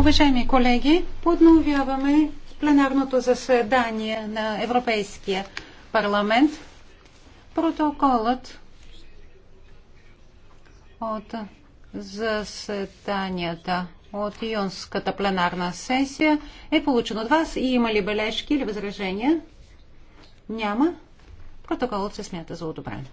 Уважаеми колеги, подновяваме пленарното заседание на Европейския парламент. Протоколът от заседанията от юнската пленарна сесия е получен от вас и има ли бележки или възражения? Няма. Протоколът се смята за одобрен.